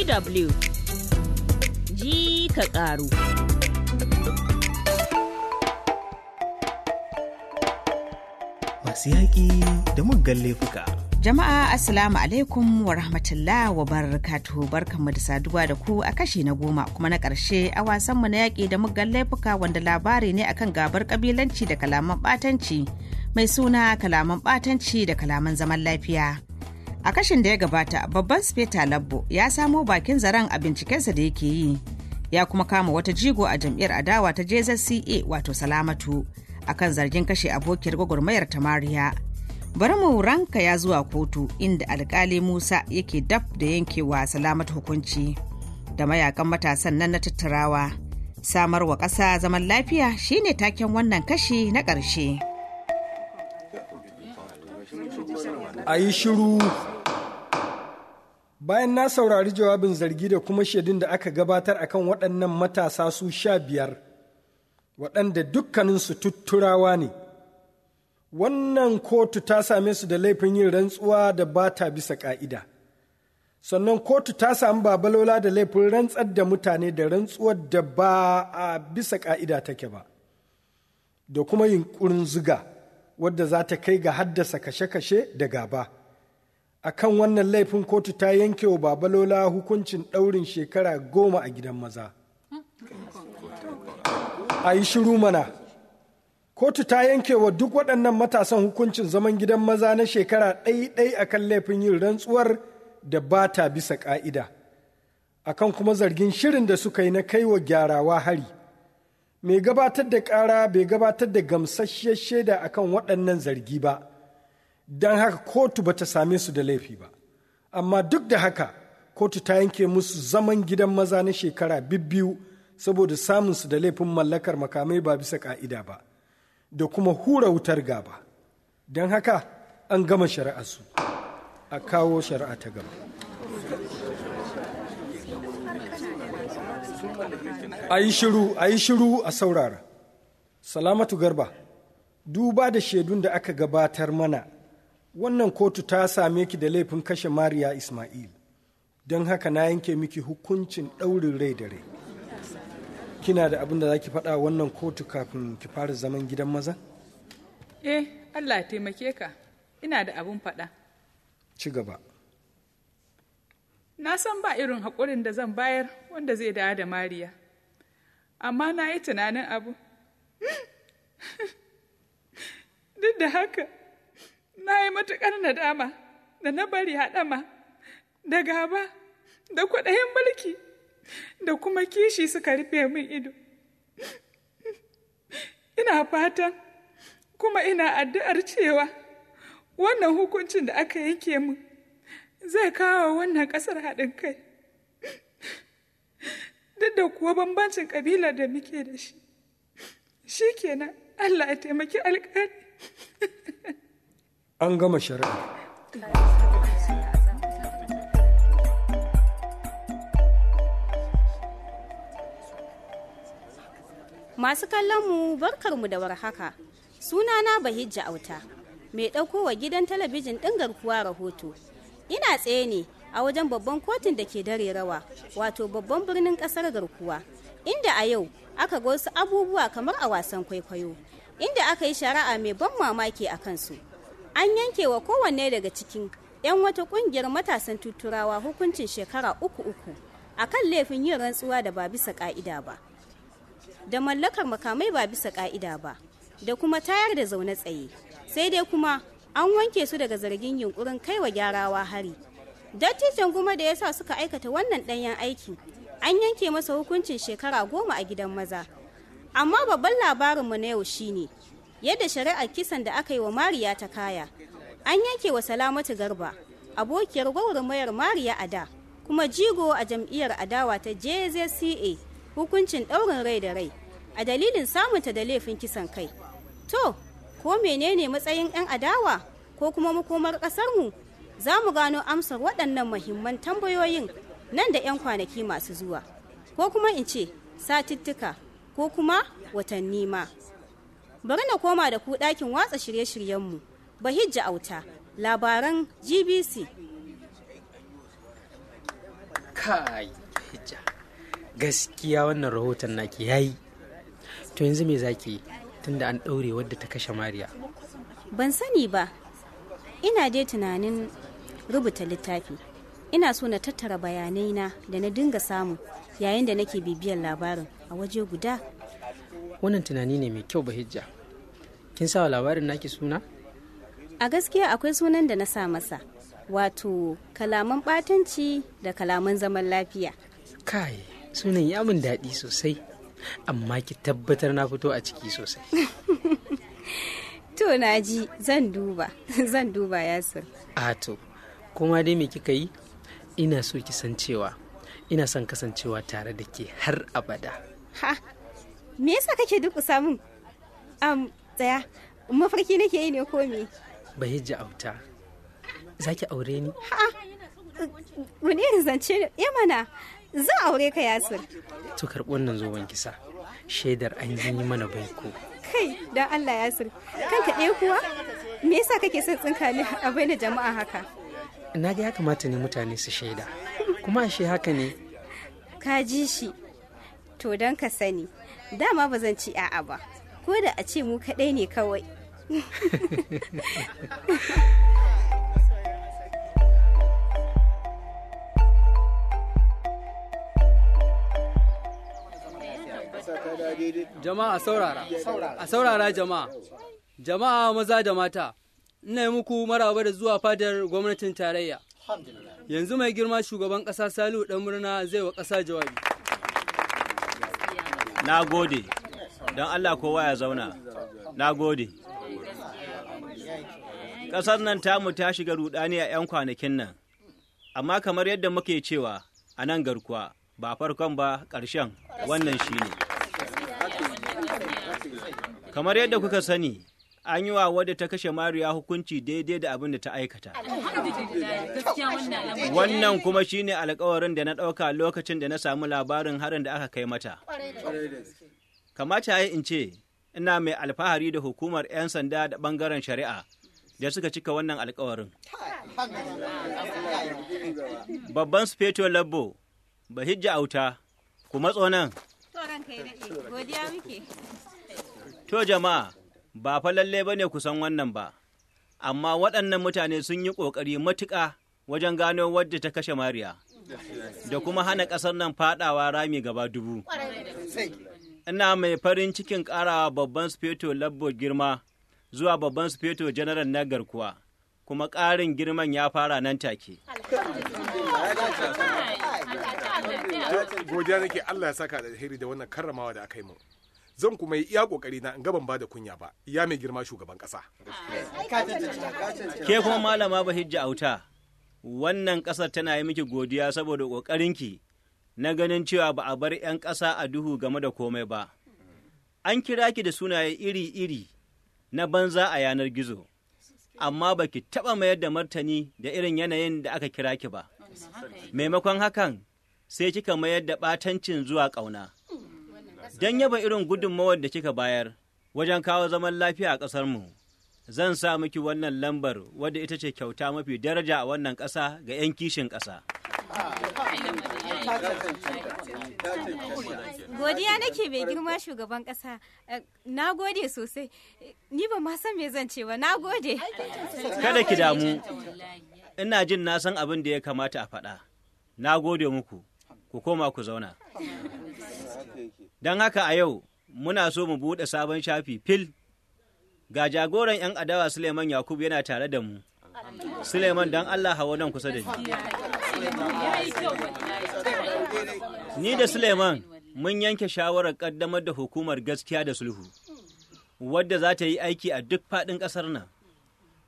DW ji ka ƙaru. Masu yaƙi da muggan laifuka. Jama'a Assalamu alaikum wa rahmatullah wa barakatuhu barkanmu da saduwa da ku a kashi na goma kuma na ƙarshe a wasanmu na yaƙi da muggan laifuka wanda labari ne akan gabar ƙabilanci da kalaman ɓatanci mai suna kalaman ɓatanci da kalaman zaman lafiya. a kashin da ya gabata babban speta labbo ya samo bakin zaren a bincikensa da yake yi ya kuma kama wata jigo a jam'iyyar adawa ta jzca wato salamatu akan zargin kashe abokiyar gwagwarmayar tamariya bari mu ranka ya zuwa kotu inda alkali musa yake daf da yankewa salamatu hukunci da mayakan matasan nan na tattarawa samarwa ƙasa zaman lafiya shine taken wannan kashi na ƙarshe. a yi shiru Bayan na saurari jawabin zargi da kuma shaidun da aka gabatar akan waɗannan matasa su sha biyar, waɗanda dukkaninsu tutturawa ne. Wannan kotu ta same su da laifin yin rantsuwa da ba ta bisa ƙa'ida. Sannan kotu ta sami babalola da laifin rantsar da mutane da rantsuwar da ba a bisa ƙa'ida take ba, da kuma yunƙurin zuga wadda za ta kai ga haddasa kashe-kashe da gaba. a kan wannan laifin kotu ta yanke wa babalola hukuncin ɗaurin shekara goma a gidan maza a yi shiru mana kotu ta yanke wa duk waɗannan matasan hukuncin zaman gidan maza na shekara ɗai-ɗai a kan laifin yin rantsuwar da ba ta bisa ƙa'ida a kan kuma zargin shirin da suka yi na kai kaiwa gyarawa hari mai gabatar da ƙara bai gabatar da gamsasshiyar shaida akan waɗannan zargi ba don haka kotu ba ta same su da laifi ba amma duk da haka kotu ta yanke musu zaman gidan maza na shekara bibbiyu saboda samun su da laifin mallakar makamai ba bisa ka'ida ba da kuma hura wutar gaba don haka an gama shari'arsu a kawo shari'a ta gaba a yi shiru a yi shiru a saurara salamatu garba duba da shaidun da aka gabatar mana wannan kotu ta same ki da laifin kashe mariya ismail don haka na yanke miki hukuncin ɗaurin rai da rai kina da abin da za ki faɗa wannan kotu kafin ki fara zaman gidan maza eh allah ya taimake ka ina da abin faɗa ci gaba na san ba irin haƙurin da zan bayar wanda zai dawo da mariya amma na yi tunanin abu duk da haka na yi matuƙar nadama da na bari haɗama da gaba da kwaɗayin mulki da kuma kishi suka rufe min ido ina fatan kuma ina addu'ar cewa wannan hukuncin da aka yanke min zai kawo wannan ƙasar haɗin kai duk da kuwa bambancin ƙabilar da muke da shi shi kenan allah ya taimaki alƙali an gama shari'a masu kallon mu barkarmu da warhaka sunana bahijja auta mai wa gidan talabijin ɗin garkuwa rahoto ina tsaye ne a wajen babban kotun da ke dare rawa wato babban birnin ƙasar garkuwa inda a yau aka ga wasu abubuwa kamar a wasan kwaikwayo inda aka yi shari'a mai ban mamaki a kansu an yanke wa kowanne daga cikin 'yan wata kungiyar matasan tuturawa hukuncin shekara uku uku a kan laifin yin rantsuwa da ba bisa ka'ida ba da mallakar makamai ba bisa ka'ida ba da kuma tayar da zaune tsaye sai dai kuma an wanke su daga zargin yunkurin kai wa gyarawa hari dattijan kuma da ya sa suka aikata wannan ɗanyen aiki an yanke masa hukuncin shekara goma a gidan maza amma babban labarinmu na yau shine yadda shari'ar kisan da aka yi wa mariya ta kaya an yanke wa salamatu garba abokiyar gwagwarmayar mariya a da kuma jigo a jam'iyyar adawa ta jzca hukuncin ɗaurin rai da rai a dalilin samunta da laifin kisan kai to ko menene matsayin 'yan adawa ko kuma makomar ƙasarmu za mu gano amsar waɗannan mahimman tambayoyin nan da 'yan kwanaki masu zuwa ko kuma in ce satittika ko kuma watanni ma. Bari na koma da ku ɗakin watsa shirye-shiryenmu, Bahijja Auta, labaran GBC. Kai, Bahijja, gaskiya wannan rahoton naki yayi. To yanzu me zaki tunda an ɗaure wadda ta kashe Mariya? Ban sani ba, ina dai tunanin rubuta littafi. Ina so na tattara bayanai na da na dinga samu yayin da nake bibiyar labarin a waje guda wannan tunani ne mai kyau bahijja kin sa labarin naki suna a gaskiya akwai sunan da na sa masa wato kalaman batanci da kalaman zaman lafiya kai sunan ya min daɗi sosai amma ki tabbatar na fito a ciki sosai to na ji zan duba zan duba yasir A to kuma dai me kika yi ina so ki san cewa ina son kasancewa tare da ke har abada me yasa kake duku samun am tsaya mafarki nake yi ne ko me ji auta Za ki aure ni ha wani irin zance ya mana zan aure ka yasir to karɓi wannan zoben kisa shaidar an yi mana baiko kai don allah yasir kanka ɗaya kuwa me yasa kake son tsinka ni a baina jama'a haka na ga ya kamata ne mutane su shaida kuma ashe haka ne ka ji shi to don ka sani dama ba zan ci a'a ba ko da a ce mu kaɗai ne kawai jama'a saurara a saurara jama'a jama'a maza da mata ina yi muku maraba da zuwa fadar gwamnatin tarayya yanzu mai girma shugaban ƙasa salu dan murna zai wa kasa jawabi na gode don allah kowa ya zauna na gode ƙasar nan tamu ta shiga rudani a 'yan kwanakin nan amma kamar yadda muke cewa a nan garkuwa ba farkon ba ƙarshen wannan shine kamar yadda kuka sani an yi wa wadda ta kashe mariya hukunci daidai da abin da ta aikata. Wannan kuma shi ne alkawarin da na ɗauka lokacin da na samu labarin harin da aka kai mata. Kamata ya in ce, ina mai alfahari da hukumar 'yan sanda da ɓangaren shari'a da suka cika wannan alkawarin. Babban Sufeto Labbo, Bahijja Auta, kuma tsonan. To jama'a, ba fa lalle ba ne kusan wannan ba, amma waɗannan mutane sun yi ƙoƙari matuƙa wajen gano wadda ta kashe Mariya, da kuma hana ƙasar nan faɗawa rami gaba dubu. Ina mai farin cikin ƙarawa babban sufeto labbo girma zuwa babban sufeto janaral na garkuwa, kuma ƙarin girman ya fara nan take. Godiya nake Allah ya saka da da wannan karramawa da aka yi mu. zan kuma yi iya kokari na in gaban bada kunya ba ya mai girma shugaban kasa ke kuma malama ba hijja auta wannan kasar tana yi miki godiya saboda ki na ganin cewa ba a bar 'yan ƙasa a duhu game da komai ba an kira ki da sunaye iri-iri na banza a yanar gizo amma ba ki taɓa mayar da martani da irin yanayin da aka kira ki ba maimakon hakan sai kika mayar da batancin zuwa ƙauna Don yaba irin gudunmawar da kika bayar wajen kawo zaman lafiya a mu zan sa miki wannan lambar wadda ita ce kyauta mafi daraja a wannan ƙasa ga 'yan kishin ƙasa. Godiya nake mai girma shugaban ƙasa, eh, na gode sosai, ni ba ma san me zan ce ba, na gode. Kada ki damu, ina jin na san abin da ya kamata a faɗa, na gode muku, ku koma ku zauna. Don haka a yau muna so mu buɗe sabon shafi fil ga jagoran 'yan adawa Suleiman Yakubu yana tare da mu. Suleiman don Allah hawa nan kusa da ni. Ni da Suleiman mun yanke shawarar ƙaddamar da hukumar gaskiya da sulhu, wadda za ta yi aiki a duk faɗin ƙasar nan,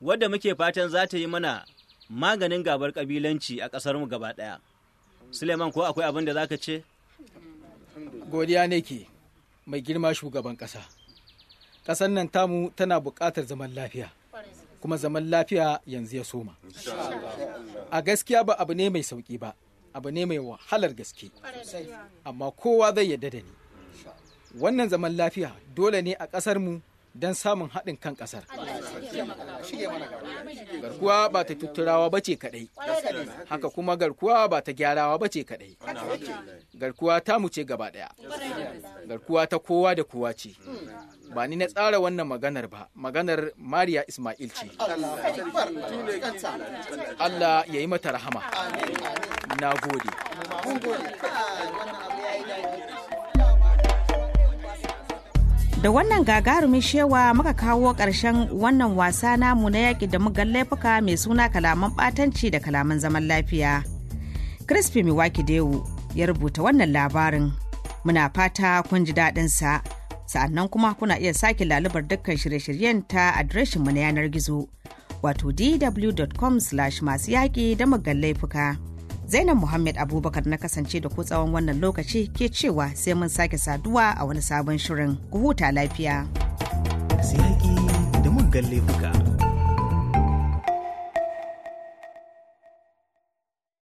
wadda muke fatan za ta yi mana maganin gabar kabilanci a ƙasarmu gaba ɗaya. Suleiman ko akwai abin da za ka ce? godiya ne ke mai girma shugaban ƙasa ƙasar nan tamu tana buƙatar zaman lafiya kuma zaman lafiya yanzu ya soma a gaskiya ba abu ne mai sauƙi ba abu ne mai wahalar gaske amma kowa zai yarda da ni wannan zaman lafiya dole ne a mu don samun haɗin kan ƙasar garkuwa ba ta tutturawa ba ce kadai haka kuma garkuwa ba ta gyarawa ba ce kadai garkuwa ta mu ce gaba daya garkuwa ta kowa da kowa ce ba ni na tsara wannan maganar ba maganar mariya ismail ce allah ya yi mata rahama na gode da wannan gagarumin shewa muka kawo ƙarshen wannan wasa namu na yaƙi da mugan laifuka mai suna kalaman ɓatanci da kalaman zaman lafiya crispy miwaki dewu ya rubuta wannan labarin muna fata kun ji daɗinsa sa'annan kuma kuna iya sake lalubar dukkan shirye-shiryen ta mu na yanar gizo wato dw.com slash masu yaƙi da mugan laifuka. Zainab Muhammad Abubakar na kasance da ku tsawon wannan lokaci ke cewa sai mun sake saduwa a wani sabon shirin. Ku huta lafiya. Siyaki da muggan laifuka.